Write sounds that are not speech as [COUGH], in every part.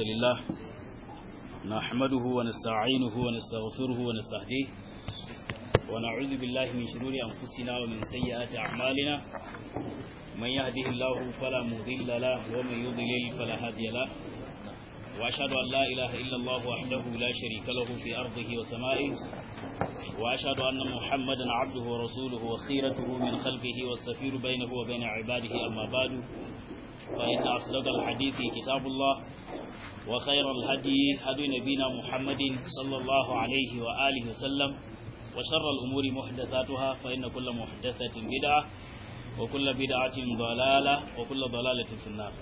الحمد لله نحمده ونستعينه ونستغفره ونستهديه ونعوذ بالله من شرور أنفسنا ومن سيئات أعمالنا من يهده الله فلا مضل له ومن يضلل فلا هادي له وأشهد أن لا إله إلا الله وحده لا شريك له في أرضه وسمائه وأشهد أن محمدا عبده ورسوله وخيرته من خلفه والسفير بينه وبين عباده أما بعد فإن أصدق الحديث كتاب الله وخير الهدي هدي نبينا محمد صلى الله عليه وآله وسلم وشر الأمور محدثاتها فإن كل محدثة بدعة وكل بدعة ضلالة وكل ضلالة في النار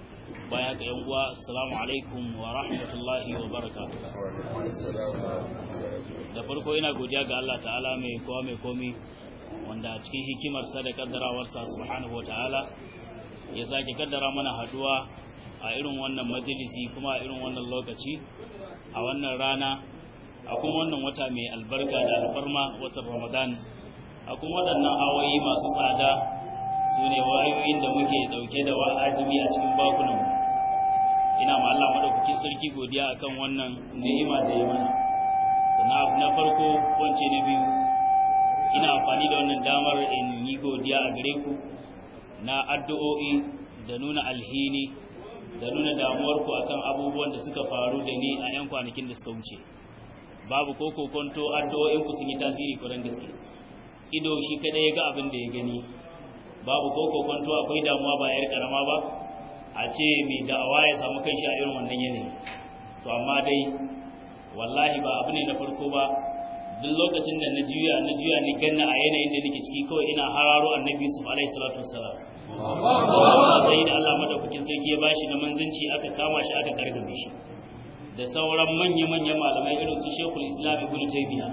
بياك يوم السلام عليكم ورحمة الله وبركاته da farko ina godiya ga Allah ta'ala mai kowa mai komi wanda a cikin hikimarsa da kaddarawarsa subhanahu wa ta'ala ya sake kaddara mana haduwa a irin wannan majalisi kuma a irin wannan lokaci a wannan rana a kuma wannan wata mai albarka da alfarma wata ramadan a kuma waɗannan awoyi masu tsada su ne wayoyin da muke ɗauke da wa'azumi a cikin bakunan ina ma Allah madaukakin sarki godiya akan wannan ni'ima da ya mana sannan abu na farko wance na biyu ina amfani da wannan damar in yi godiya a gare ku na addu'o'i da nuna alhini da nuna damuwar ku akan abubuwan da suka faru da ni a 'yan kwanakin da suka wuce babu ko kokonto addu'o'inku sun yi tasiri kwaran gaske ido shi kada ya ga abin da ya gani babu ko kokonto akwai damuwa ba yar karama ba a ce mai da'awa ya samu shi a irin wannan yanayi so amma dai wallahi ba abu ne na farko ba duk lokacin da na juya na juya ni ganna a yanayin da nake ciki kawai ina hararo annabi sallallahu alaihi wasallam sai da Allah madaukakin sarki ya bashi na manzanci aka kama shi aka kargame shi da sauran manya manya malamai irin su Sheikhul Islam Ibn Taymiyyah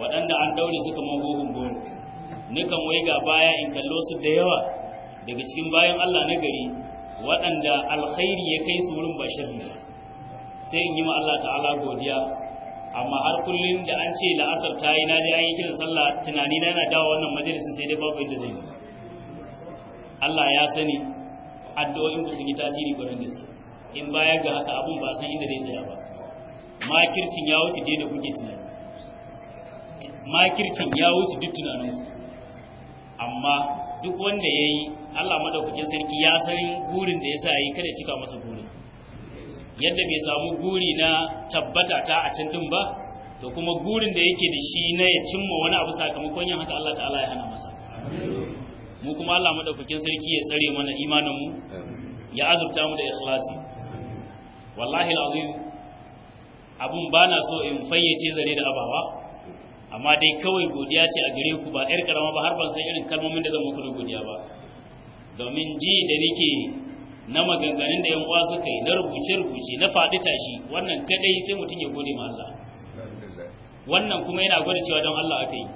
waɗanda an daure suka magogun goro nukan waiga baya in kallo su da yawa daga cikin bayan Allah na gari waɗanda alkhairi ya kai su wurin ba sharri sai in yi ma Allah ta'ala godiya amma har kullum da an ce la'asar ta yi na je an yi kiran sallah tunani na yana dawo wannan majalisin sai dai babu inda zai yi Allah ya sani addu'o'in ku sun yi tasiri gurin gaske in bayar ga haka abun ba san inda zai tsaya ba makircin ya wuce da kuke tunani makircin ya wuce duk tunanin amma duk wanda ya yi Allah madaukakin sarki ya san gurin da ya sa yi kada cika masa gurin yadda bai samu guri na tabbata ta a can din ba to kuma gurin da yake da shi na ya cimma wani abu sakamakon yin haka Allah ta'ala ya hana masa mu kuma Allah madaukakin sarki ya tsare mana imanin mu ya azabta mu da ikhlasi wallahi alazim abun bana so in fayyace zare da abawa amma dai kawai godiya ce a gare ku ba ɗan karama ba har ban san irin kalmomin da zan muku da godiya ba domin ji da nake na maganganun da yan uwa suka yi na rubuce rubuce na faɗi tashi wannan kadai sai mutum ya gode ma Allah wannan kuma yana gwada cewa don Allah aka yi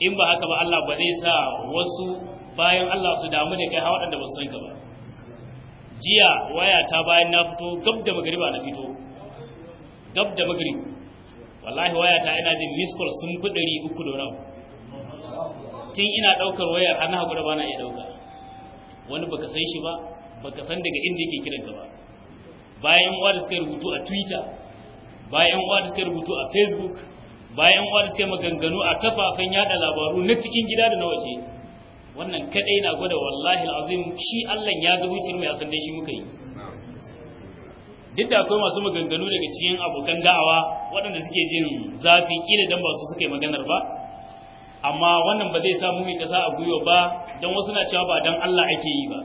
in ba haka ba Allah ba zai sa wasu bayan Allah su damu da kai har waɗanda ba su san ka ba jiya waya ta bayan na fito gab da magariba na fito gab da magrib wallahi waya ta ina jin miss sun fi ɗari uku da rau tun ina ɗaukar wayar an haƙura ba na iya ɗauka wani baka san shi ba baka san daga inda yake kiran ka ba bayan uwa da suka rubutu a twitter bayan uwa da suka rubutu a facebook bayan uwa da suka maganganu a kafafen yada labaru na cikin gida da na waje wannan kadai na gwada wallahi alazim shi Allah ya ga zuciyar mu ya san dai shi muka yi duk da akwai masu maganganu daga cikin abokan da'awa waɗanda suke jin zafi kila dan ba su suka yi maganar ba amma wannan ba zai sa mu mai kasa a gwiwa ba dan wasu na cewa ba dan Allah ake yi ba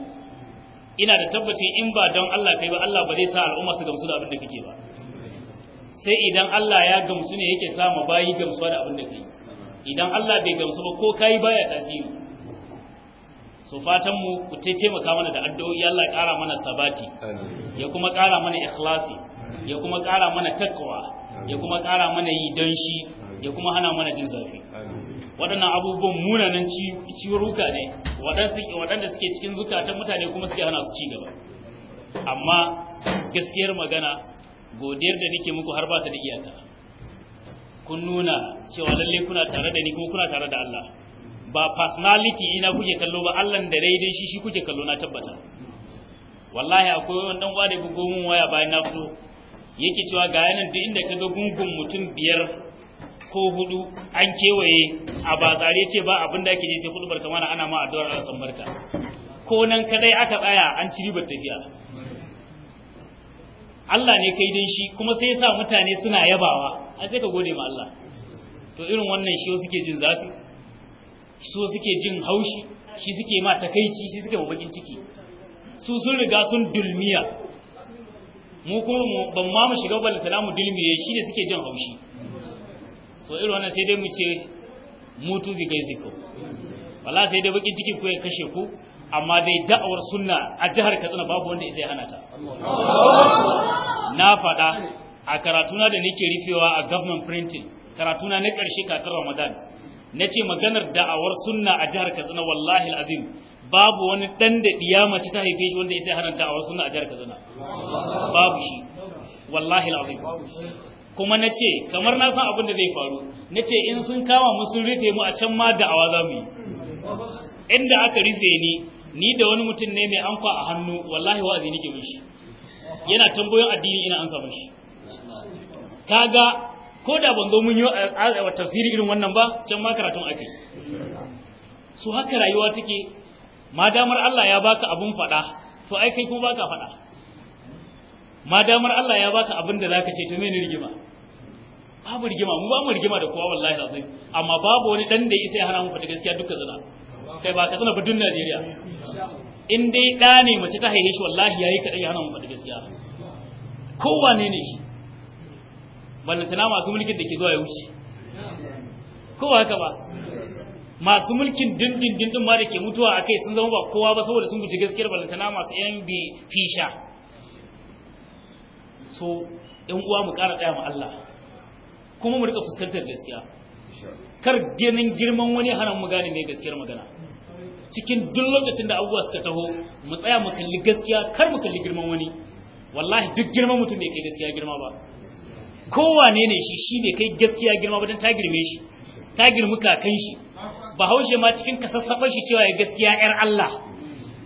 ina da tabbaci in ba don Allah kai ba Allah ba zai sa al'umma su gamsu da abin da kake ba sai idan Allah ya gamsu ne yake sa mu bayi gamsuwa da abin da kai idan Allah bai gamsu ba ko kai baya tasiri so fatan mu ku taimaka mana da addu'o'i Allah ya ƙara mana sabati ya kuma ƙara mana ikhlasi ya kuma ƙara mana takwa ya kuma ƙara mana yi dan shi ya kuma hana mana jin zafi waɗannan abubuwan munanan ciwuruka ne waɗanda suke cikin zukatan mutane kuma suke hana su ci gaba amma gaskiyar magana godiyar da nake muku har ba ta da iyaka kun nuna cewa lallai kuna tare da ni kuma kuna tare da Allah ba personality ina kuke kallo ba Allah da daidai shi shi kuke kallo na tabbata wallahi akwai wani dan da bugo mun waya bayan na fito yake cewa ga yanan duk inda ga gungun mutum biyar ko hudu an kewaye a bazare ce ba abin da ake je sai kudu barka mana ana ma addu'ar Allah san barka ko nan kadai aka tsaya an ci ribar tafiya Allah ne kai dan shi kuma sai ya sa mutane suna yabawa an sai ka gode ma Allah to irin wannan shi suke jin zafi su suke jin haushi shi suke ma takaici shi suke ma bakin ciki su sun riga sun dulmiya mu kuma ban ma mu shiga balantana mu dulmiye shi ne suke jin haushi so irin wannan sai dai mu ce mutu bi gaiziko wala sai dai bakin ciki ko ya kashe ku amma dai da'awar sunna a jihar Katsina babu wanda zai hana ta na faɗa a karatuna da nake rufewa a government printing karatuna na ƙarshe kafin Ramadan na ce maganar da'awar sunna a jihar katsina wallahi azim babu wani dan da diya mace ta haife shi wanda ya sai hana da'awar sunna a jihar katsina babu shi wallahi azim kuma na ce kamar na san abin da zai faru na ce in sun kama mu sun rufe mu a can ma da'awa za mu yi inda aka rufe ni ni da wani mutum ne mai amfa a hannu wallahi wa'azi ke mishi yana tambayoyin addini ina ansa mishi kaga ko da ban zo mun yi wa eh, eh, tafsiri irin wannan ba can ma karatun ake su haka rayuwa take ma damar Allah ya baka abun faɗa to ai kai kuma baka faɗa ma damar Allah ya baka abin da zaka ce to menene rigima babu rigima mu ba mu rigima da kowa wallahi lazai amma babu wani dan da isa ya hana mu faɗi gaskiya dukkan zina kai ba ka zana ba Najeriya in dai ɗa ne mace ta haihe shi wallahi yayi kaɗai ya hana mu faɗi gaskiya ne ne shi ballantana masu mulkin da ke zuwa ya wuce kowa haka ba masu mulkin dindin dindin ma da ke mutuwa a kai sun zama ba kowa ba saboda sun guji gaskiyar ballantana masu yan bi fisha so yan uwa mu ƙara tsaya ma Allah kuma mu rika fuskantar gaskiya kar ganin girman wani hana mu gane mai gaskiyar magana cikin duk lokacin da abubuwa suka taho mu tsaya mu kalli gaskiya kar mu kalli girman wani wallahi duk girman mutum bai kai gaskiya girma ba kowane ne shi shi ne kai gaskiya girma ba don ta girme shi ta girmi kakan shi bahaushe ma cikin kasassaɓar shi cewa ya gaskiya yar Allah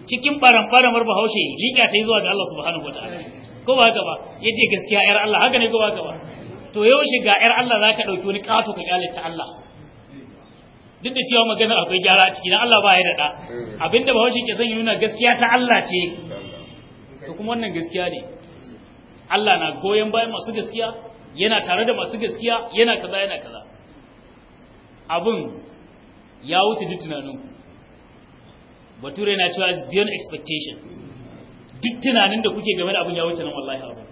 cikin barambaramar bahaushe liƙa ta yi zuwa ga Allah subhanahu wa ta'ala ko ba haka ba ya ce gaskiya yar Allah haka ne ko ba haka ba to yau ga yar Allah za ka ɗauki wani ƙato ka ƙyale ta Allah duk da cewa magana akwai gyara a ciki dan Allah ba ya daɗa abinda bahaushe ke son yi nuna gaskiya ta Allah ce to kuma wannan gaskiya ne Allah na goyon bayan masu gaskiya yana tare da masu gaskiya yana kaza yana kaza Abun ya wuce duk tunaninku bature na cewa is beyond expectation duk tunanin da kuke game da abun ya wuce nan wallahi ma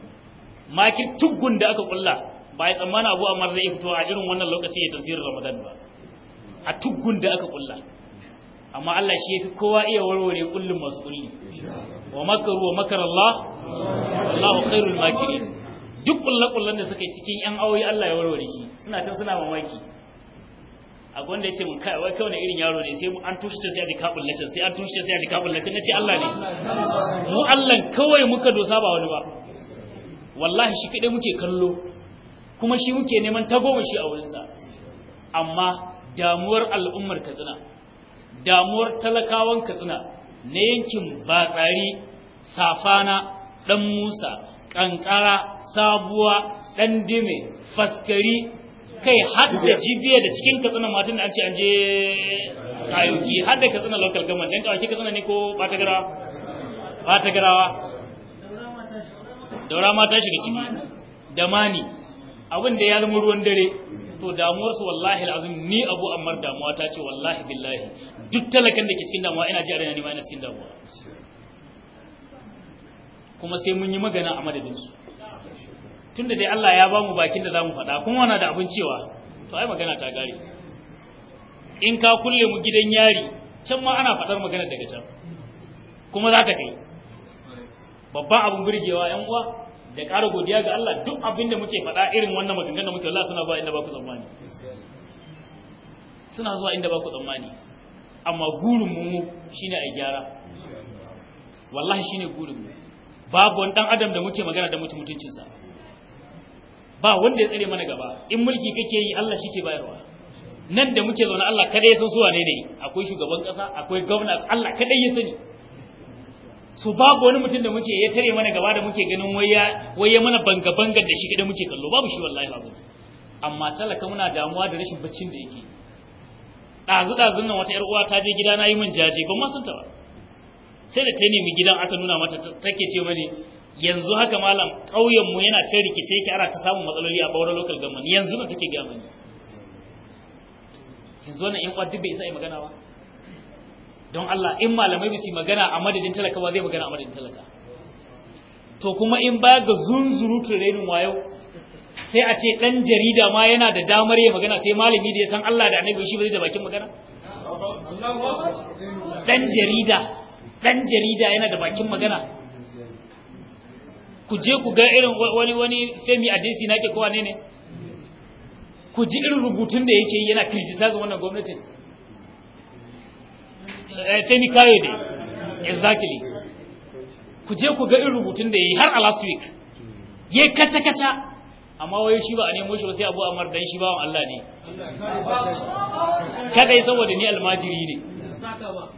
makin tuggun da aka kulla ba ya tsammana abu amma zai fito a irin wannan lokaci ya tafsirin ramadan ba a tuggun da aka kulla amma Allah shi yafi kowa iya warware kullum masu kulli wa makaru wa makar Allah wallahu khairul makirin duk kullakullan da suka yi cikin yan aure Allah ya warware shi suna can suna mamaki a gwanda yace mun kai wai kai wani irin yaro ne sai mu an tushe sai a ji ka can, sai an tushe sai a ji ka kullace nace Allah ne mu Allah kawai muka dosa ba wani ba wallahi shi kadai muke kallo kuma shi muke neman mu shi a wurin sa. amma damuwar al'ummar Katsina damuwar talakawan Katsina na yankin batsari safana dan Musa kankara sabuwa dan dime faskari kai har da jibiya da cikin katsina matan da an ce an je kayoki har da katsina local government ɗan kawai katsina ne ko bata garawa bata wa? daura ma ta shiga ciki da mani abin da ya zama ruwan dare to damuwarsu wallahi alazim ni abu ammar damuwa ta ce wallahi billahi duk talakan da ke cikin damuwa ina ji a raina ne ma ina cikin damuwa kuma sai mun yi magana a madadinsu tunda dai Allah ya ba mu bakin da za mu faɗa kuma wana da abin cewa to ai magana ta gare in ka kulle mu gidan yari can ma ana faɗar magana daga can kuma za ta kai babban abin burgewa yan uwa da ƙara godiya ga Allah duk abin da muke faɗa irin wannan maganganun da muke Allah suna ba inda ba ku tsammani suna zuwa inda ba ku tsammani amma gurin mu shine a gyara wallahi shine gurin mu babu wani dan adam da muke magana da mutum mutuncinsa ba wanda ya tsare mana gaba in mulki kake yi Allah shi ke bayarwa nan da muke zaune Allah kada ya san su wane ne akwai shugaban kasa akwai gwamna Allah kada ya sani so babu wani mutum da muke ya tare mana gaba da muke ganin waya waya mana banga banga da shi kada muke kallo babu shi wallahi lazim amma talaka muna damuwa da rashin baccin da yake ɗazu dazun nan wata yar uwa ta je gida na yi min jaje ban ma san ta ba sai da ta nemi gidan aka nuna mata take ce mani yanzu haka malam ƙauyen mu yana cin rikice yake ana ta samun matsaloli a bauran local government yanzu da take ga mani yanzu wannan in duk bai isa yi magana ba don Allah in malamai ba su magana a madadin talaka ba zai magana a madadin talaka to kuma in ba ga zunzurutun renin wayo sai a ce ɗan jarida ma yana da damar ya magana sai malami da ya san Allah da annabi shi ba zai da bakin magana ɗan jarida dan jarida yana da bakin magana ku je ku ga irin wani wani femi Adesi, nake kowa ne ne ku ji irin rubutun da yake yana kirjisa ga wannan gwamnatin femi eh, kayo ne exactly ku je ku ga irin rubutun da yayi har a last week yayi kata kata amma wai shi ba a nemo shi ba sai abu amar dan shi bawan Allah ne yi saboda ni almajiri ne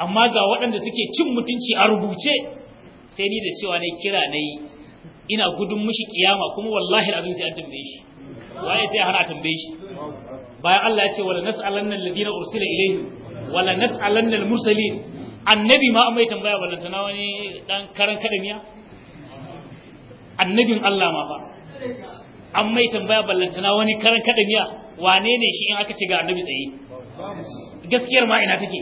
amma ga waɗanda suke cin mutunci a rubuce sai ni da cewa ne kira na yi ina gudun mishi kiyama kuma wallahi abin sai an tambaye shi waye sai hana tambaye shi bayan Allah ya ce wala nas'alanna alladhina ursila ilayhi wala nas'alanna almursalin annabi ma an ya tambaya tana wani dan karan kadamiya annabin Allah ma ba an ya tambaya ballantana wani karan kadamiya wane ne shi in aka ce ga annabi tsaye gaskiyar ma ina take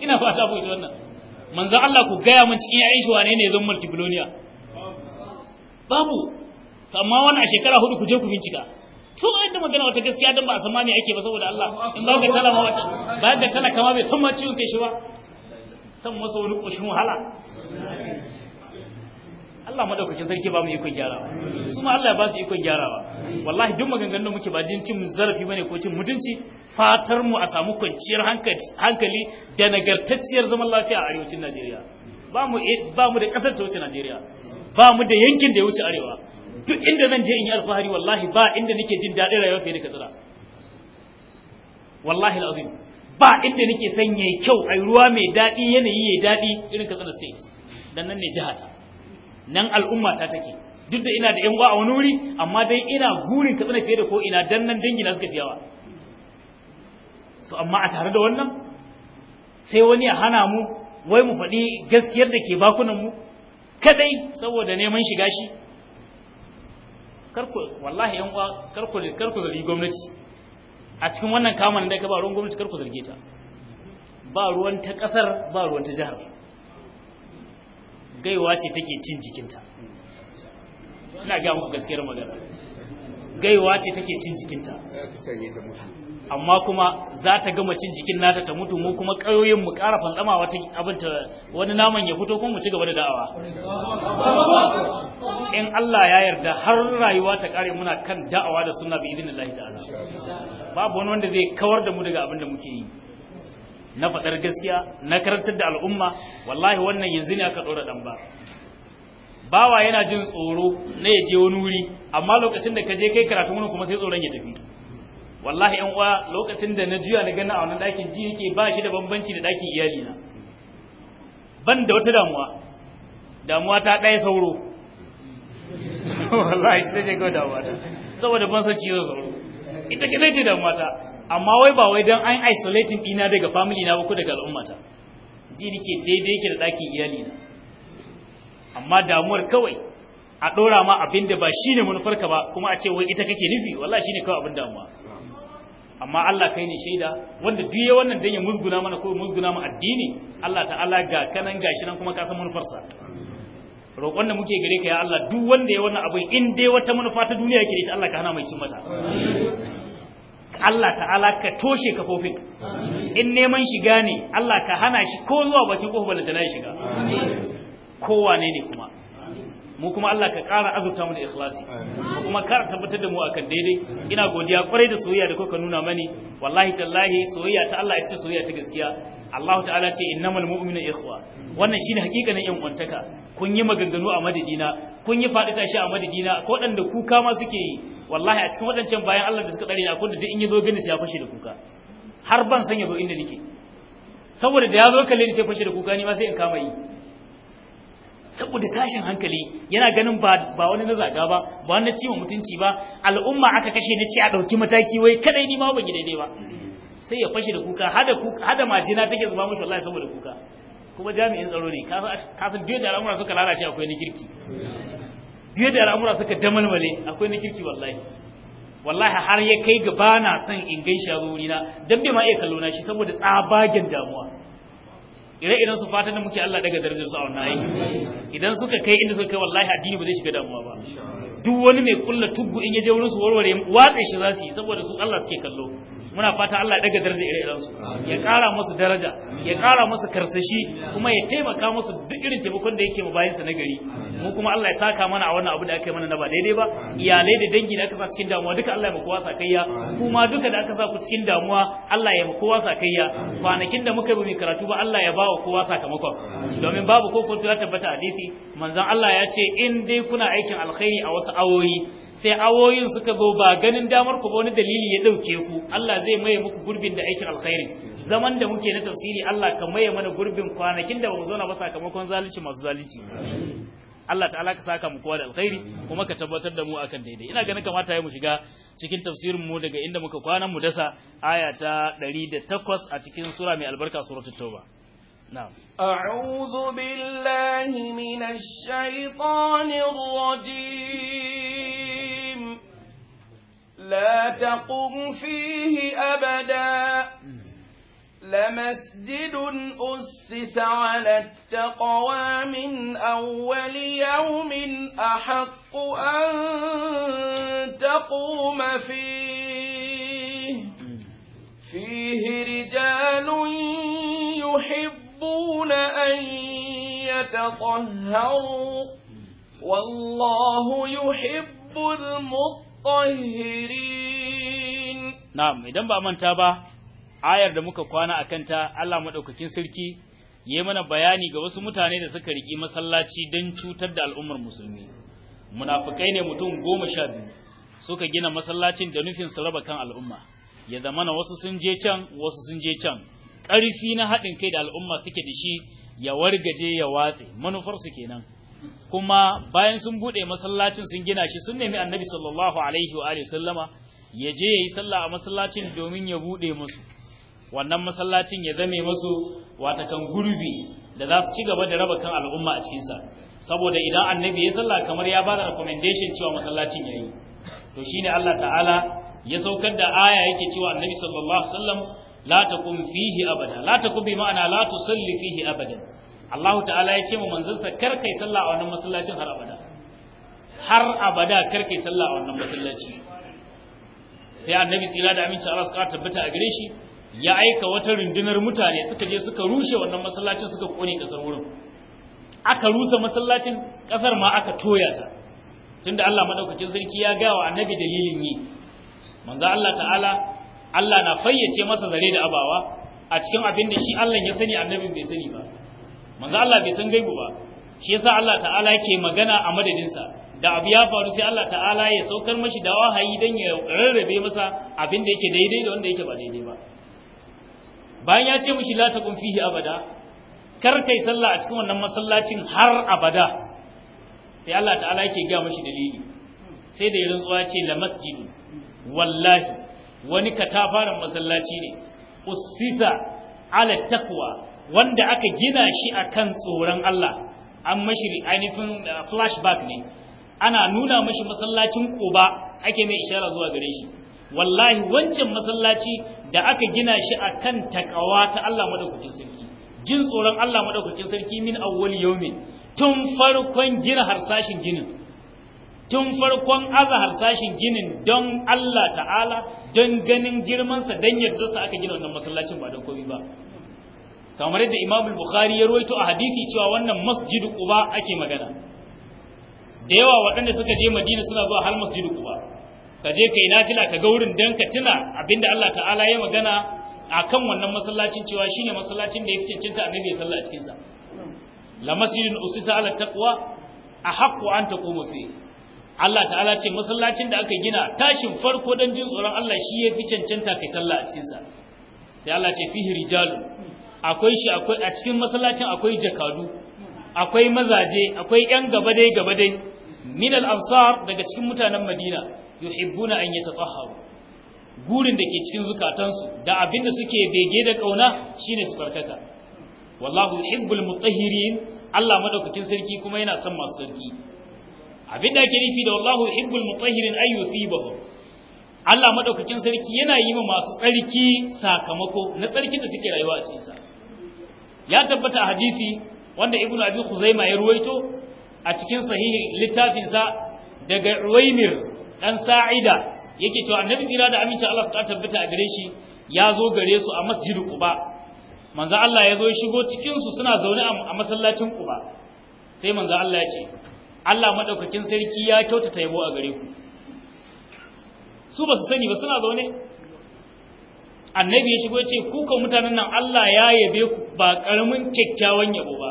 ina fata ku ji wannan manzo Allah ku gaya mun cikin 'ya'yan shi wane ne zan multibiloniya babu amma wannan a shekara hudu ku je ku bincika to ai ta magana wata gaskiya dan ba a samani ake ba saboda Allah in ba ka talama wata ba ka talaka ma bai san ma ciwon kai shi ba san masa wani koshin wahala Allah madaukakin sarki ba mu ikon ba, su ma Allah ba su ikon ba, wallahi duk maganganun muke ba jin cin zarafi bane ko cin mutunci fatar mu a samu kwanciyar hankali da nagartacciyar zaman lafiya a arewacin Najeriya ba mu ba mu da kasar ta wuce Najeriya ba mu da yankin da ya wuce arewa duk inda zan je in yi alfahari wallahi ba inda nake jin daɗin rayuwa fiye da Katsina wallahi alazim ba inda nake sanya kyau ai ruwa mai daɗi yanayi ya daɗi irin Katsina state dan nan ne jihata nan al'ummata ta take duk da ina da yan uwa a wani wuri amma dai ina gurin katsina fiye da ko ina dan nan dangi na suka fiyawa so amma a tare da wannan sai wani ya hana mu wai mu faɗi gaskiyar da ke bakunan mu kadai saboda neman shiga shi karku wallahi yan uwa karku karku zargi gwamnati a cikin wannan kamar da ka ba ruwan gwamnati karku zarge ta ba ruwan ta kasar ba ruwan ta jihar gaiwa ce take cin jikinta ina ga muku gaskiyar magana gaiwa ce take cin jikinta amma kuma za ta gama cin jikin nata ta mutu mu kuma ƙayoyin mu ƙara fantsama wata abin ta wani naman ya fito kuma mu ci gaba da da'awa in Allah ya yarda har rayuwa ta ƙare muna kan da'awa da sunna bi idinillahi ta'ala babu wani wanda zai kawar da mu daga abin da muke yi na faɗar gaskiya na karantar da al'umma wallahi wannan yanzu ne aka ɗora ɗan ba bawa yana jin tsoro na ya je wani wuri amma lokacin da ka je kai karatu wani kuma sai tsoron ya tafi wallahi yan uwa lokacin da na juya na gana a wannan ɗakin ji yake ba shi da bambanci da ɗakin iyali na ban da wata damuwa damuwa ta ɗaya sauro [LAUGHS] wallahi shi ta je kawai damuwa ta saboda ban san ciwon sauro ita kadai ce damuwa ta amma wai ba wai don an isolating ɗina daga family na ko daga al'ummata ji nike daidai yake da ɗakin iyali na amma damuwar kawai a ɗora ma abin da ba shine manufarka ba kuma a ce wai ita kake nufi wallahi shine kawai abin damuwa amma Allah kai ne shaida wanda duk ya wannan dan ya musguna mana ko musguna mu addini Allah ta'ala ga kanan gashi nan kuma ka san sa. roƙon da muke gare ka ya Allah duk wanda ya wannan abu in dai wata manufa ta duniya yake da ita Allah ka hana mai cin mata Allah ta'ala ka toshe kafofin in neman shiga ne Allah ka hana shi ko zuwa bakin kofar da na shiga ne ne kuma mu kuma Allah ka ƙara azurta mu da ikhlasi mu kuma kar tabbatar da mu akan daidai ina godiya kwarai da soyayya da kuka nuna mani wallahi tallahi soyayya ta Allah ita soyayya ta gaskiya Allah ta'ala ce innamal mu'minu ikhwa wannan shine hakikanin yan kwantaka kun yi maganganu a madadina kun yi faɗi tashi a madadina ko dan da kuka ma suke yi wallahi a cikin wadancan bayan Allah da suka dare ni akwai da duk in yazo gani sai ya fashe da kuka har ban san yazo inda nake saboda da yazo kalle ni sai fashe da kuka ni ma sai in kama yi saboda tashin hankali yana ganin ba wani na zaga ba ba wani ci mutunci ba al'umma aka kashe na ci a dauki mataki wai kadai ni ma ban yi daidai ba sai ya fashe da kuka hada kuka hada majina take zuba mashi wallahi saboda kuka kuma jami'in tsaro ne ka san duk da al'amura suka lalace akwai ni kirki duk da al'amura suka damalmale akwai ni kirki wallahi wallahi har ya kai ga bana son in gaishe zo wurina dan bai ma kallo na shi saboda tsabagen damuwa ire idan su fata da muke Allah daga darajar su a wannan ayi idan suka kai inda suka kai wallahi addini ba zai shiga damuwa ba duk wani mai kulla tuggu in ya je wurin su warware watsa shi za su yi saboda su Allah suke kallo muna fata Allah daga daraja ire idan su ya kara musu daraja ya kara musu karsashi kuma ya taimaka musu duk irin taimakon da yake ma bayan sa na gari mu kuma Allah ya saka mana a wannan abu da aka yi mana na ba daidai ba iyalai da dangi da aka sa cikin damuwa duka Allah ya maka wasa sakayya. kuma duka da aka sa ku cikin damuwa Allah ya maka wasa sakayya. kwanakin da muka yi karatu ba Allah ya ba bawa kowa sakamakon domin babu ko ya tabbata hadisi manzon Allah ya ce in dai kuna aikin alkhairi a wasu awoyi sai awoyin suka go ba ganin damar ku ba wani dalili ya dauke ku Allah zai maye muku gurbin da aikin alkhairi zaman da muke na tafsiri Allah ka maye mana gurbin kwanakin da ba mu zauna ba sakamakon zalunci masu zalunci Allah ta'ala ka saka mu kowa da alkhairi kuma ka tabbatar da mu akan daidai ina ganin kamata ya mu shiga cikin tafsirin mu daga inda muka kwana mu dasa aya ta 108 a cikin sura mai albarka suratul tauba نعم أعوذ بالله من الشيطان الرجيم لا تقم فيه أبدا لمسجد أسس على التقوى من أول يوم أحق أن تقوم فيه فيه رجال يحبون أن يتطهروا والله يحب المطهرين نعم إذا ما من تابع ayar da muka kwana a kanta Allah maɗaukakin sarki ya mana bayani ga wasu mutane da suka riƙi masallaci don cutar da al'ummar musulmi munafukai ne mutum goma sha biyu suka gina masallacin da nufin su raba kan al'umma ya zamana wasu sun je can wasu sun je can Karfi na haɗin kai da al'umma suke da shi ya wargaje ya watse manufarsu kenan kuma bayan sun buɗe masallacin sun gina shi sun nemi annabi sallallahu alaihi wa sallama ya je ya yi sallah a masallacin domin ya buɗe musu wannan masallacin ya zame masu watakan gurbi da za su ci gaba da raba kan al'umma a cikinsa saboda idan annabi ya zalla kamar ya bada recommendation cewa masallacin ya yi. to shi ne Allah ta'ala ya saukar da aya yake cewa annabi sallallahu alaihi wasallam la taqum fihi abada la taqum bi ma'ana la tusalli fihi abada Allah ta'ala ya ce mu manzansa kar kai sallah a wannan masallacin har abada har abada kar kai sallah a wannan masallaci sai annabi tsira da aminci Allah suka tabbata a gare shi ya aika wata rundunar mutane suka je suka rushe wannan masallacin suka kone kasar wurin aka rusa masallacin kasar ma aka toya ta tunda Allah madaukakin sarki ya ga wa annabi dalilin yi manzo Allah ta'ala Allah na fayyace masa zare da abawa a cikin abin da shi Allah ya sani annabin bai sani ba manzo Allah bai san gaibu ba shi yasa Allah ta'ala yake magana a madadin sa da abu ya faru sai Allah ta'ala ya saukar mashi da wahayi dan ya rarrabe masa abin da yake daidai da wanda yake ba daidai ba bayan ya ce mishi la taqum fihi abada kar kai sallah a cikin wannan masallacin har abada sai Allah ta'ala yake ga mishi dalili sai da yaron rantsuwa ce la masjid wallahi wani katafaren masallaci ne ussisa ala taqwa wanda aka gina shi akan tsoron Allah an mashi ainihin uh, flashback ne ana nuna mashi masallacin koba ake mai ishara zuwa gare shi wallahi wancan masallaci da aka gina shi a kan takawa ta Allah madaukakin sarki jin tsoron Allah madaukakin sarki min awwal yawmin tun farkon gina harsashin ginin tun farkon aza harsashin ginin don Allah ta'ala don ganin girmansa don yadda sa aka gina wannan masallacin ba don komai ba kamar yadda Imam Bukhari ya ruwaito a hadisi cewa wannan Masjid Quba ake magana da yawa waɗanda suka je Madina suna zuwa har Masjid Quba ka je ka yi nafila ka ga wurin don ka tuna abinda Allah ta'ala ya magana a kan wannan masallacin cewa shine masallacin da ya fi cancanta annabi ya salla a cikinsa. sa la masjidun usisa ala taqwa haƙo an koma fi Allah ta'ala ce masallacin da aka gina tashin farko don jin tsoron Allah shi ya fi cancanta kai sallah a cikinsa. sai Allah ce fihi akwai shi a cikin masallacin akwai jakadu akwai mazaje akwai yan gaba dai gaba dai minal daga cikin mutanen Madina yuhibbuna an yatatahharu gurin da ke cikin zukatansu da abin da suke bege da kauna shine su farkata. wallahu yuhibbul mutahhirin Allah madaukakin sarki kuma yana son masu sarki abin da ake nufi da wallahu yuhibbul mutahhirin ay yusibahu Allah madaukakin sarki yana yi ma masu tsarki sakamako na tsarkin da suke rayuwa a cikin sa ya tabbata a hadisi wanda ibnu abi khuzaima ya ruwaito a cikin sahihi littafinsa daga ruwaimir dan sa'ida yake cewa annabi kira da aminci Allah ta tabbata a gare shi ya zo gare su a masjid quba manzo Allah ya zo ya shigo cikin su suna zaune a masallacin quba sai manzo Allah ya ce Allah madaukakin sarki ya kyautata yabo a gare ku su ba su sani ba suna zaune annabi ya shigo ya ce kuka mutanen nan Allah ya yabe ku ba karamin kyakkyawan yabo ba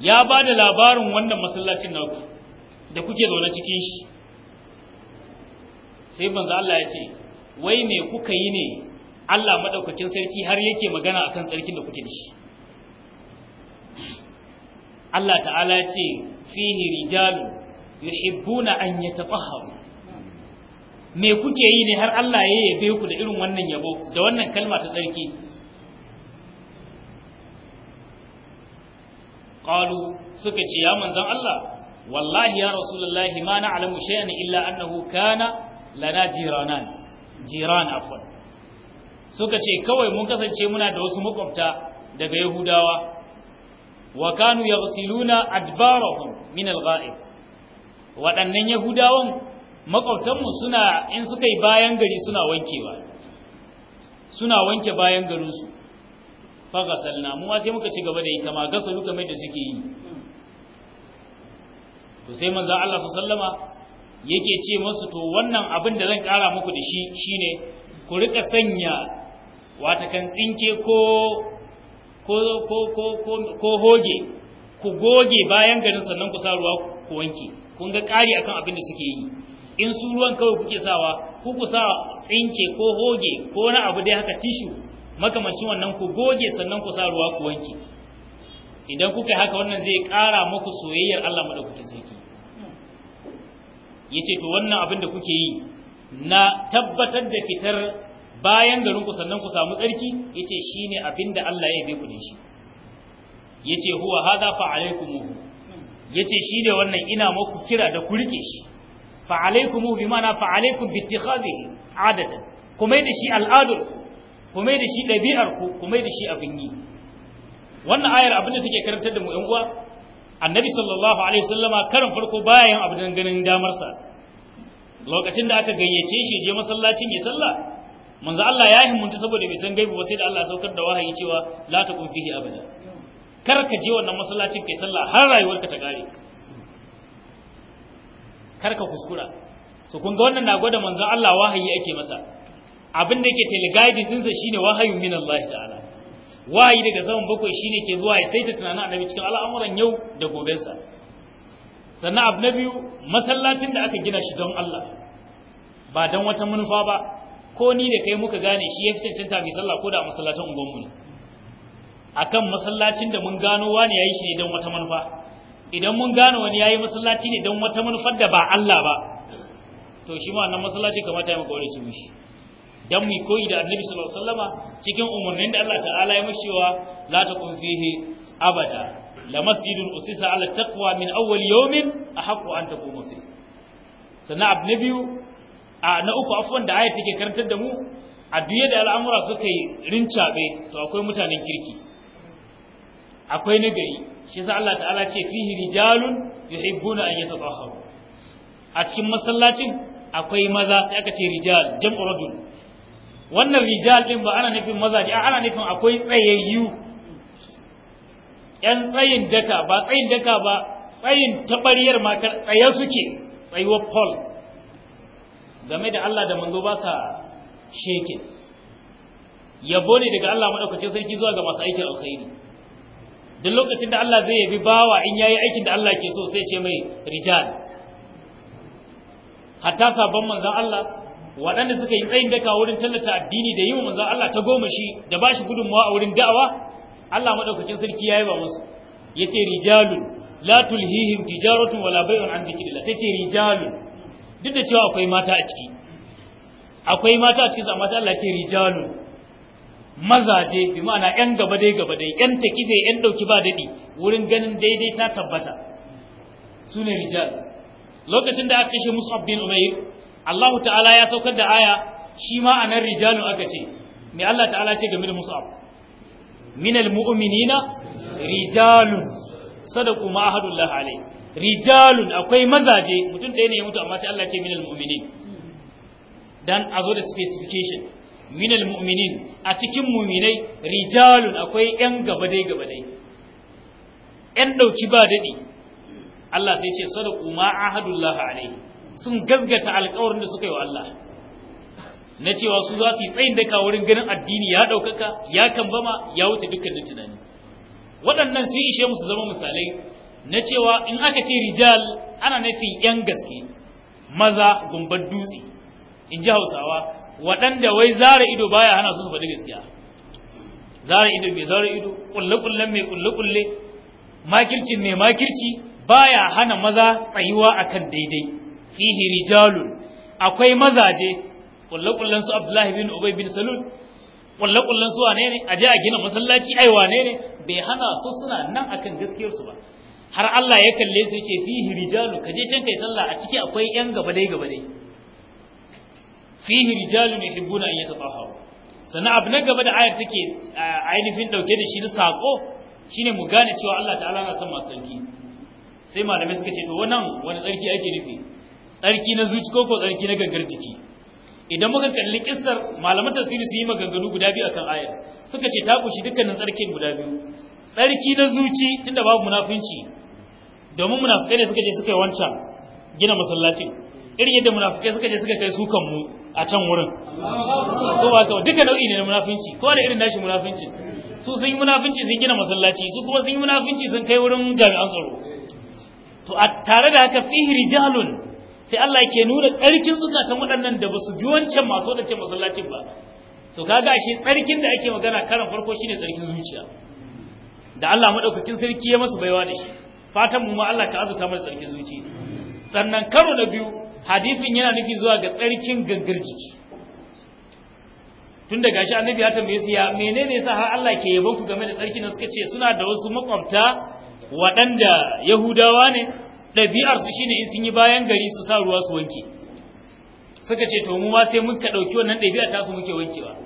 ya ba da labarin wannan masallacin naku da kuke zaune cikin shi sai banza Allah ya ce wai me kuka yi ne Allah maɗaukacin sarki har yake magana a kan sarkin da kuke da shi Allah ta'ala ya ce fihi rijalu yuhibbuna an yatatahharu me kuke yi ne har Allah ya yabe ku da irin wannan yabo da wannan kalma ta tsarki Ƙalu suka ce ya manzan Allah wallahi ya rasulullahi ma alamu shay'an illa annahu kana lana jiranan jiran afwan suka ce kawai mun kasance muna da wasu makwabta daga yahudawa wa kanu yaghsiluna adbarahum min alghaib wadannan waɗannan yahudawan makwabtanmu suna in suka yi bayan gari suna wankewa suna wanke bayan garinsu fagasalna mu ma sai muka ci gaba da yi kama gasalu kamar da suke yi to sai manzo Allah sallama yake ce masu to wannan abin da zan kara muku da shi shine ku rika sanya watakan tsinke ko ko ko ko ko hoge ku goge bayan garin sannan ku sa ruwa ku wanke kun ga kari akan abin da suke yi in su ruwan kawai kuke sawa ku ku sa tsinke ko hoge ko wani abu dai haka tishu makamancin wannan ku goge sannan ku sa ruwa ku wanke idan kuka haka wannan zai kara muku soyayyar Allah madaukakin sarki yace to wannan abin da kuke yi na tabbatar da fitar bayan garin ku sannan ku samu tsarki yace shine abin da Allah ya yabe ku da shi yace huwa hadha fa Ya yace shi da wannan ina muku kira da ku rike shi fa alaykumu bi mana fa alaykum bi ittikhadhihi adatan kuma da shi al'adar kuma da shi dabi'ar ku kuma da shi abin yi wannan ayar abin da take karantar da mu yan uwa annabi sallallahu alaihi wasallama karin farko bayan abu ganin damarsa lokacin da aka gayyace shi je masallaci mai sallah manzo Allah ya himunta saboda bai san gaibi ba sai da Allah saukar da wahayi cewa la taqum fihi abada kar ka je wannan masallacin kai sallah har rayuwarka ta kare kar ka kuskura so kun ga wannan na gwada manzo Allah wahayi ake masa abin da yake din sa shine wahayin min Allah ta'ala wayi daga saman bakwai shine ke zuwa ya saita tunanin annabi cikin al'amuran yau da sa, sannan abu na biyu masallacin da aka gina shi don Allah ba don wata manufa ba ko ni da kai muka gane shi ya fi cancanta mai sallah ko da masallacin unguwanmu ne akan masallacin da mun gano wani yayi shi ne don wata manufa idan mun gano wani yayi masallaci ne don wata manufar da ba Allah ba to shi ma wannan masallaci kamata ya maka wani shi. dan mu koyi da annabi sallallahu alaihi wasallama cikin umarnin da Allah ta'ala ya mushewa la taqum fihi abada la masjidun usisa ala taqwa min awwal yawmin ahqqu an taqum fihi sannan abnabiyu a na uku afwan da aya ke karantar da mu a duye da al'amura suka yi rincabe to akwai mutanen kirki akwai nagari shi yasa Allah ta'ala ce fihi rijalun yuhibbuna an yatatahharu a cikin masallacin akwai maza sai aka ce rijal jam'u rajul wannan rijal din ba ana nufin mazaje ana nufin akwai tsayayyu yan tsayin daka ba tsayin daka ba tsayin tabariyar mata tsaye suke tsayuwar Paul game da Allah da manzo ba sa shekin yabo ne daga Allah madaukakin sarki zuwa ga masu aikin alkhairi duk lokacin da Allah zai yabi bawa in yayi aikin da Allah ke so sai ce mai rijal hatta sabon manzon Allah waɗanda suka yi tsayin daka wurin tallata addini da yi wa manzan Allah ta goma shi da ba shi gudunmawa a wurin da'awa Allah maɗaukakin sarki ya yi ba musu ya ce rijalun la tulhihim tijaratun wala bai'un an zikrillah sai ce rijalun duk da cewa akwai mata a ciki akwai mata a ciki amma sai Allah ya ce rijalun mazaje bi ma'ana yan gaba dai gaba dai yan takife yan dauki ba dadi wurin ganin daidai ta tabbata sune rijal lokacin da aka kashe Mus'ab bin Umair Allah ta'ala ya saukar da aya shi ma a nan rijalun aka ce me Allah ta'ala ce game da musu abu? minal mu'minina rijalun sadaku ma ahadullah alai rijalun akwai mazaje mutum ɗaya ne ya mutu amma sai Allah ce minal mu'minin dan a zo da specification minal mu'minin a cikin mu'minai rijalun akwai yan gabadai gabadai yan ɗauki ba daɗi. Allah sai ce sadaku ma ahadullah alai sun gazgata alkawarin da suka yi wa Allah na cewa su za su yi tsayin daka wurin ganin addini ya ɗaukaka ya kambama ya wuce dukkanin tunani waɗannan sun ishe musu zama misalai na cewa in aka ce rijal ana nufin yan gaske maza gumbar dutse in ji hausawa waɗanda wai zara ido baya hana su su faɗi gaskiya zara ido mai zara ido ƙulle-ƙullen mai ƙulle-ƙulle makircin mai makirci baya hana maza tsayuwa akan daidai fihi rijalun akwai mazaje kullakullan su Abdullahi bin Ubay bin Salul kullakullan su wane ne aje a gina masallaci ai wane ne bai hana su suna nan akan gaskiyar su ba har Allah ya kalle su yace fihi rijalun kaje can kai sallah a ciki akwai yan gaba dai gaba dai fihi rijalun yuhibbuna an sannan abu na gaba da ayar take ainihin dauke da shi na sako shine mu gane cewa Allah ta'ala na son masu sarki. sai malamai suka ce to wannan wani tsarki ake nufi tsarki na zuci ko ko tsarki na gangar jiki idan muka kalli kissar malaman tafsiri su yi maganganu guda biyu akan aya, suka ce ta kushi dukkanin tsarkin guda biyu tsarki na zuci tunda babu munafinci domin munafikai ne suka je suka yi wancan gina masallacin irin yadda munafikai suka je suka kai su kanmu a can wurin ko ba ka duka nau'i ne na munafinci ko da irin nashi munafinci su sun yi munafinci sun gina masallaci su kuma sun yi munafinci sun kai wurin jami'an tsaro to a tare da haka fihir jahlun sai Allah yake nuna tsarkin zukatan waɗannan da basu ji wancan masu wadancan masallacin ba so kaga shi tsarkin da ake magana karan farko shine tsarkin zuciya da Allah madaukakin sarki ya masa baiwa da shi fatan mu ma Allah ka azurta mana tsarkin zuci sannan karo na biyu hadisin yana nufi zuwa ga tsarkin gangar tun da gashi annabi ya tambaye su ya menene yasa har Allah ke yabon ku game da tsarkin suka ce suna da wasu makwabta waɗanda Yahudawa ne ɗabi'arsu shine in sun yi bayan gari su sa ruwa su wanke suka ce to mu ma sai muka ɗauki wannan ɗabi'ar ta su muke wankewa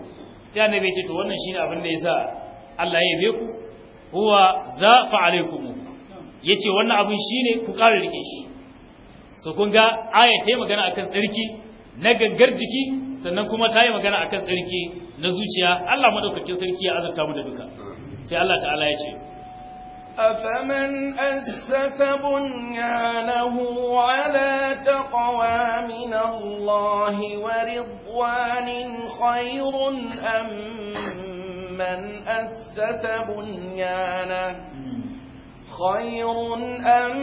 sai annabi ce to wannan shine abin da yasa Allah ya yabe ku huwa za fa alaikum yace wannan abin ne, ku da rike shi so kun ga aya ta yi magana akan tsarki na gangar jiki sannan kuma ta yi magana akan tsarki na zuciya Allah madaukakin sarki ya azurta mu da duka sai Allah ta'ala ya ce أفمن أسس بنيانه على تقوى من الله ورضوان خير أم من أسس بنيانه خير أم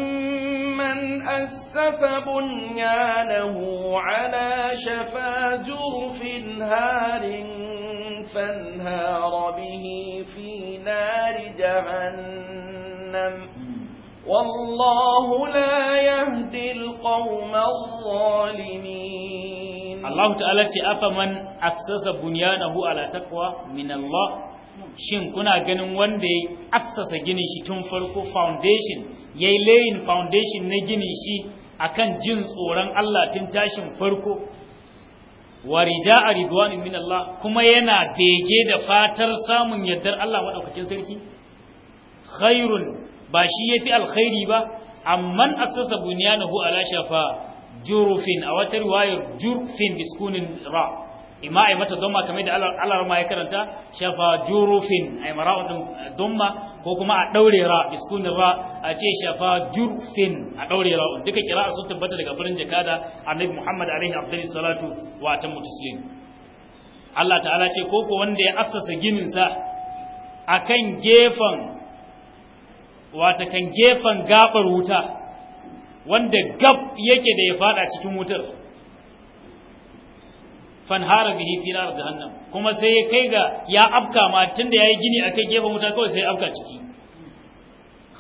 من أسس بنيانه على شفا جرف هار فانهار به في نار جهنم جهنم والله لا يهدي القوم الظالمين الله تعالى ce afaman assasa bunyanahu ala taqwa min Allah shin kuna ganin wanda ya assasa ginin shi tun farko foundation yayi layin foundation na ginin shi akan jin tsoron Allah tun tashin farko wa rijaa ridwanin min Allah kuma yana bege da fatar samun yardar Allah madaukakin sarki khairun ba shi ya fi alkhairi ba amman asasa bunyanahu ala shafa jurufin a wata riwayar jurfin biskunin ra ima ai mata dhamma kamar da Allah ma ya karanta shafa jurufin ai mara'u din dhamma ko kuma a daure ra biskunin ra a ce shafa jurfin a daure ra duka kira'a sun tabbata daga burin jakada annabi Muhammad alaihi afdalis salatu wa atammu taslim Allah ta'ala ce ko ko wanda ya assasa ginin sa akan gefen Wata kan gefen gabar wuta wanda gab yake da ya fada cikin wutar fanhara bihi fi nar jahannam kuma sai ya kai ga ya afka ma tunda yayi gini akai gefen wuta kawai sai ya afka ciki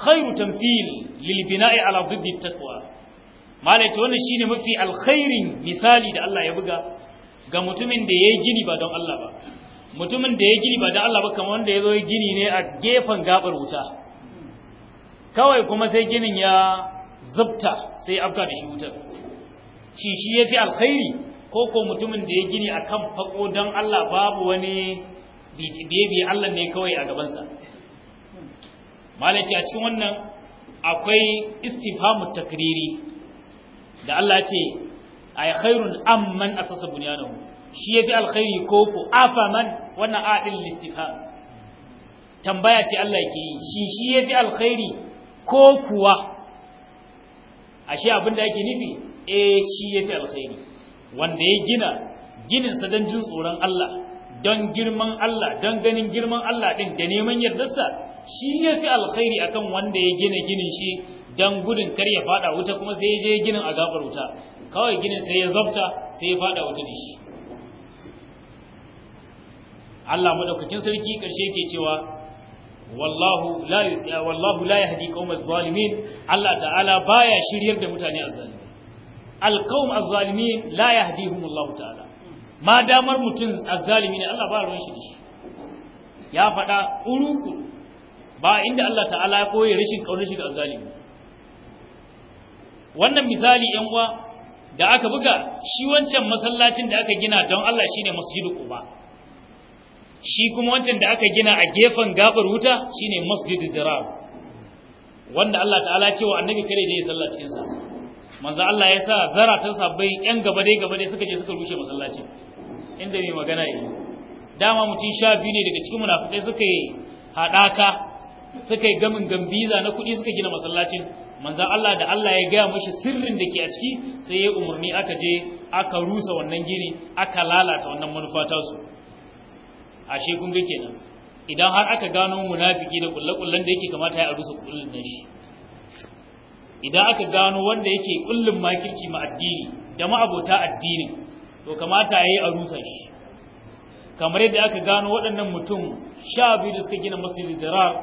khairu tamthil lil bina'i ala dhibbi taqwa malai ce wannan shine mafi alkhairin misali da Allah ya buga ga mutumin da yayi gini ba don Allah ba mutumin da yayi gini ba don Allah ba kamar wanda yazo yi gini ne a gefen gabar wuta kawai kuma sai ginin ya zubta sai afka da shi wutar shi shi ya fi alkhairi ko ko mutumin da ya gini akan fako don Allah babu wani bibi Allah ne kawai a gabansa malaci a cikin wannan akwai istifhamu takriri da Allah ce ay khairun amman asasa bunyanahu shi ya fi alkhairi ko ko afaman wannan adil istifham tambaya ce Allah ke yi shi shi fi alkhairi ko kuwa ashe abin da ake nufi eh shi ya fi alkhairi wanda ya gina gininsa sa don jin tsoron Allah don girman Allah don ganin girman Allah ɗin, da neman yardarsa shi ya fi alkhairi akan wanda ya gina ginin shi don gudun kar ya fada wuta kuma sai ya je ginin a gabar wuta kawai ginin sai ya zabta sai ya fada wuta da shi Allah madaukakin sarki karshe ke cewa wallahu la ya la yahdi qaumal zalimin Allah ta'ala ba ya shiryar da mutane azzalimi alqaum azzalimin la ya yahdihum Allah ta'ala ma damar mutun azzalimi ne Allah ba ruwan shi dashi ya faɗa, uruku ba inda Allah ta'ala ya koyi rashin kaunar shi ga azzalimi wannan misali yan uwa da aka buga shi wancan masallacin da aka gina don Allah shi ne shine masjidu quba shi kuma wancan da aka gina a gefen gabar wuta shine masjidid dirar wanda Allah ta'ala cewa cewa annabi kare je ya sallah cikin sa manzo Allah ya sa zaratan sabai yan gaba dai gaba dai suka je suka rushe masallaci inda mai magana yi dama mutum sha biyu ne daga cikin munafikai suka yi hadaka suka yi gamin gambiza na kuɗi suka gina masallacin manzo Allah da Allah ya gaya mashi sirrin da ke a ciki sai ya umarni aka je aka rusa wannan gini aka lalata wannan manufa ashe kun ga kenan idan har aka gano munafiki da kullakullan da yake kamata ya rusa kullun nan shi idan aka gano wanda yake kullun makirci ma addini da ma abota addinin to kamata yayi a rusa shi kamar yadda aka gano waɗannan mutum sha biyu da suka gina masu dirar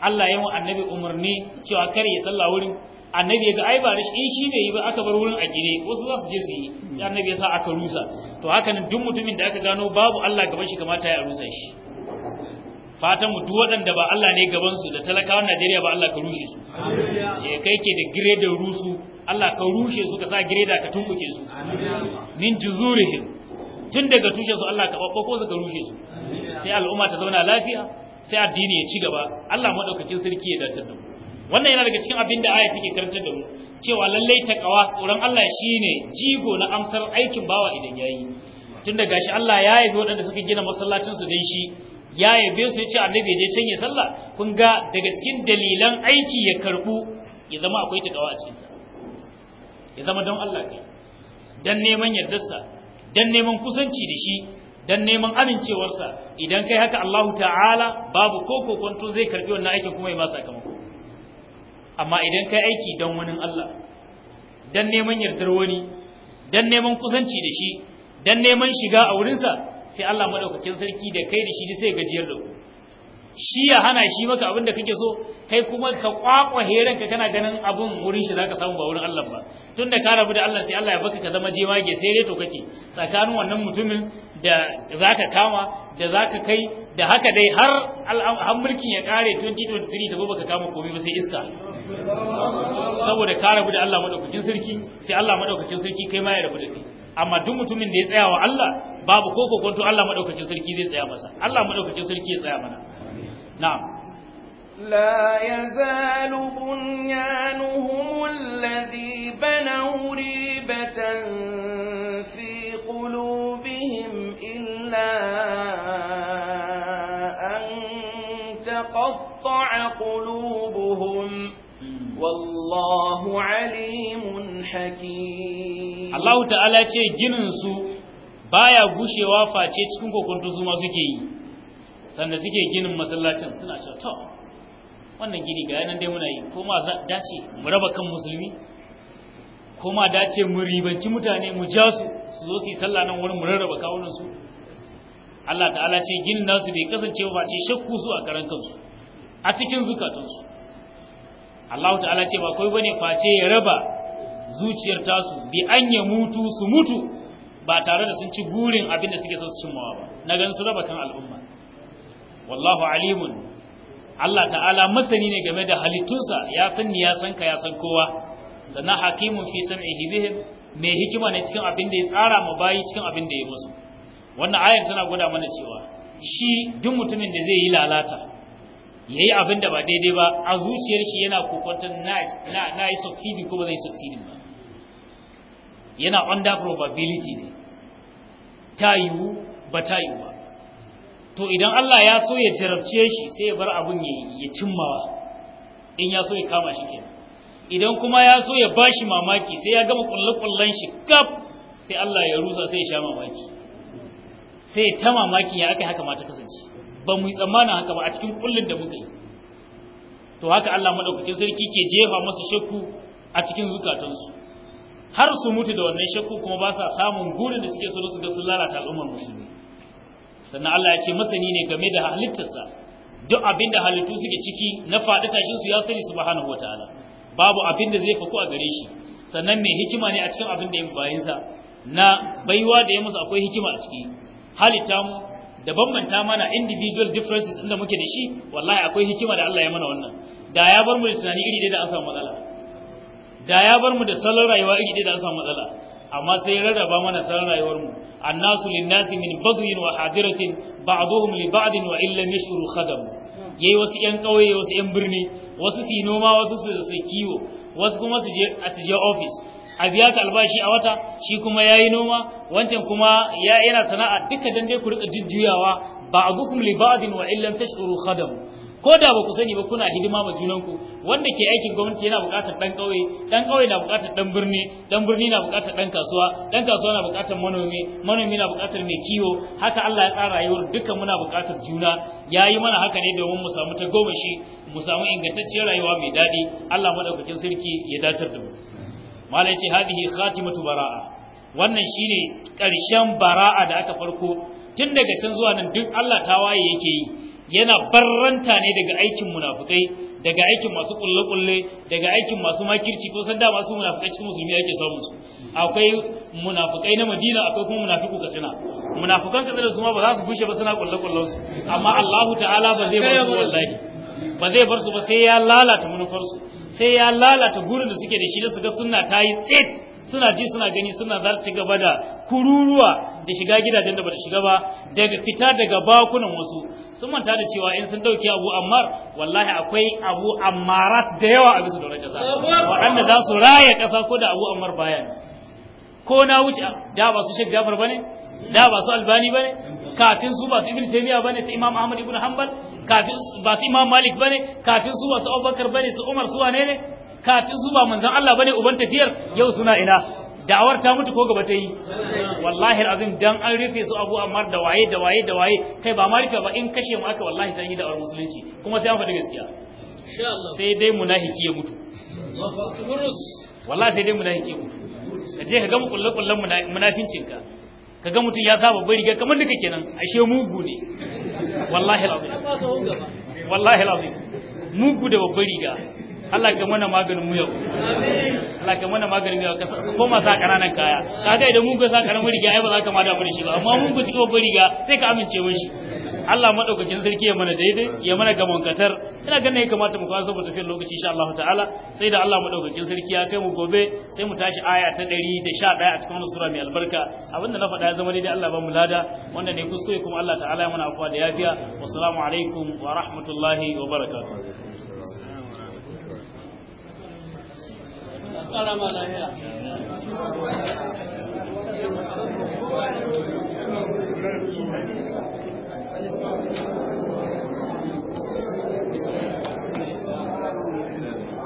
Allah ya yi wa annabi umarni cewa kar ya salla wurin annabi ya ga ai ba in shi bai yi ba aka bar wurin a gine wasu za su je su yi sai annabi ya sa aka rusa to haka nan duk mutumin da aka gano babu Allah gaban shi kamata ya rusa shi fatan mu duk waɗanda ba Allah ne gaban su da talakawa Najeriya ba Allah ka rushe su ya kai ke da giredar rusu Allah ka rushe su ka sa gireda ka tumbuke su min juzurihim tun daga tushe su Allah ka babbako su ka rushe su sai al'umma ta zauna lafiya sai addini ya ci gaba Allah madaukakin sarki ya datar da mu wannan yana daga cikin abin da aya take karantar da mu cewa lallai takawa tsoron Allah shine jigo na amsar aikin bawa idan yayi Tunda gashi Allah ya yabe waɗanda suka gina masallacin su dan shi ya yabe su ya ce annabi je can ya sallah kun ga daga cikin dalilan aiki ya karbu ya zama akwai takawa a cikin sa ya zama don Allah kai dan neman yardarsa dan neman kusanci da shi dan neman amincewarsa idan kai haka Allahu ta'ala babu ko kwanto zai karbi wannan aikin kuma ya ba kamar amma idan kai aiki don wani Allah don neman yardar wani don neman kusanci da shi don neman shiga a wurinsa sai Allah madaukakin sarki da kai da shi sai gajiyar da ku shi ya hana shi maka abin da kake so kai kuma ka kwakwa ka kana ganin abun wurin shi zaka samu ba wurin Allah ba tunda ka rabu da Allah sai Allah ya baka ka zama jemage sai dai to kake tsakanin wannan mutumin da za ka kama da za ka kai da haka dai har al'an mulkin ya kare 2023 ta gobe ka kama komai ba sai iska saboda ka rabu Allah madaukakin sarki sai Allah madaukakin sarki kai ma ya rabu da kai amma duk mutumin da ya tsaya wa Allah babu ko kokonto Allah madaukakin sarki zai tsaya masa Allah madaukakin sarki ya tsaya mana na'am لا يزال بنيانهم الذي بنوا ريبة في قلوبهم أن تقطع قلوبهم hmm. والله عليم حكيم الله تعالى ce ginin su baya gushewa face cikin kokuntu su ma suke yi sannan suke ginin masallacin suna cewa to wannan gini ga yanan dai muna yi ko ma dace mu raba kan musulmi ko ma dace mu ribanci mutane mu ja su su zo su yi sallah nan wurin mu rarraba kawunan su Allah ta'ala ce gin nasu bai kasance ba ce shakku su a karan kansu a cikin zukatunsu. Allah ta'ala ce ba kai bane face ya raba zuciyar tasu bi an ya mutu su mutu ba tare da sun ci gurin abin da suke son su cimmawa ba na gan su raba kan al'umma wallahu alimun Allah ta'ala masani ne game da halittunsa ya san ni ya san ka ya san kowa sannan hakimun fi sam'ihi bihim mai hikima ne cikin abin da ya tsara ma bayi cikin abin da ya musu wannan ayar tana gwada mana cewa shi duk mutumin da zai yi lalata ya yi abin da ba daidai ba a zuciyar shi yana kokwantar na yi succeed ko ba zai succeed ba yana under probability ne ta yiwu ba ta yiwu ba to idan Allah ya so ya jarabce shi sai ya bar abin ya cimmawa in ya so ya kama shi kenan idan kuma ya so ya bashi mamaki sai ya gama kullakullan shi kaf sai Allah ya rusa sai ya sha mamaki sai ta mamaki ya aka haka mata kasance ba mu yi tsammanin haka ba a cikin kullun da muka yi to haka Allah madaukakin sarki ke jefa musu shakku a cikin zukatansu har su mutu da wannan shakku kuma ba sa samun gurin da suke so su ga sun lalata al'ummar musulmi sannan Allah ya ce masani ne game da halittarsa duk abin da halittu suke ciki na faɗi tashin su ya sani subhanahu wataala babu abin da zai faku a gare shi sannan mai hikima ne a cikin abin da yin bayinsa na baiwa da ya musu akwai hikima a ciki halitta mu da bambanta mana individual differences inda muke da shi wallahi akwai hikima da Allah ya mana wannan da ya bar mu da tunani iri da an samu matsala da ya bar mu da salon rayuwa iri da an samu matsala amma sai rarraba mana salon rayuwar mu annasu linnasi min baghin wa hadiratin ba'dhum li ba'din wa illa yashuru khadam yayi wasu yan kauye wasu yan birni wasu su noma wasu su kiwo wasu kuma su je a su je office a biya ka albashi a wata shi kuma yayi noma wancan kuma ya yana sana'a duka dan dai ku rika jujjuyawa ba'dukum li ba'din wa illam tash'uru khadam ko da ba ku sani ba kuna hidima ma ku wanda ke aikin gwamnati yana buƙatar dan kauye dan ƙauye na buƙatar dan birni dan birni na buƙatar dan kasuwa dan kasuwa na buƙatar manomi manomi na buƙatar mai kiwo haka Allah ya tsara rayuwar duka muna buƙatar juna yayi mana haka ne domin mu samu ta goma shi mu samu ingantacciyar rayuwa mai daɗi Allah madaukakin sarki ya datar da mu mala yace hadihi khatimatu bara'a wannan shine ƙarshen bara'a da aka farko tun daga can zuwa nan duk Allah ta waye yake yi yana barranta ne daga aikin munafukai daga aikin masu kullukulle daga aikin masu makirci ko sanda masu munafukai cikin musulmi ake samu su akwai munafukai na Madina akwai kuma munafiku Katsina munafukan da su ma ba za su gushe ba suna kulle su amma Allahu ta'ala ba zai bar su wallahi ba zai bar su ba sai ya lalata su. sai ya lalata gurin da suke da shi da su ga sunna ta yi tsit suna ji suna gani suna za ci gaba da kururuwa da shiga gidajen da bata shiga ba daga fita daga bakunan wasu sun manta da cewa in sun dauki abu ammar wallahi akwai abu ammarat da yawa a bisa doron kasa waɗanda za su raya kasa ko da abu ammar bayan ko na wuce da ba su shek jafar ne da ba su albani ba ne. kafin su ba su ibn taymiya bane su imam ahmad ibn hanbal kafin ba su imam malik bane kafin su ba su abubakar bane su umar su wane ne kafin su ba manzon Allah bane uban tafiyar yau suna ina da'awar ta mutu ko gaba ta yi wallahi alazim dan an rufe su abu ammar da waye da waye da waye kai ba ma rufe ba in kashe mu aka wallahi sai yi da'awar musulunci kuma sai an faɗi gaskiya sai dai munahiki ya mutu wallahi sai dai munahiki ya mutu ka je ka ga mu kullu munafincinka. kaga mutum ya sa bari riga kamar duka kenan ashe mugu ne wallahi alazim wallahi alazim mugu da babbar riga Allah ka mana maganin mu yau Allah ka mana maganin mu yau koma sa kananan kaya kaga idan mugu sa karamin riga ai ba za ka ma da shi ba amma mugu shi babbar riga sai ka amince mishi Allah madaukakin sarki ya mana daidai ya mana gamon katar ina ganin ya kamata mu kwasa saboda tafiyar lokaci insha Allah ta'ala sai da Allah madaukakin sarki ya kai mu gobe sai mu tashi aya ta 111 a cikin wannan sura mai albarka abinda na faɗa ya zama daidai Allah ba mu lada wanda ne kuskure kuma Allah ta'ala ya mana afuwa da yafiya wassalamu alaikum wa rahmatullahi wa barakatuh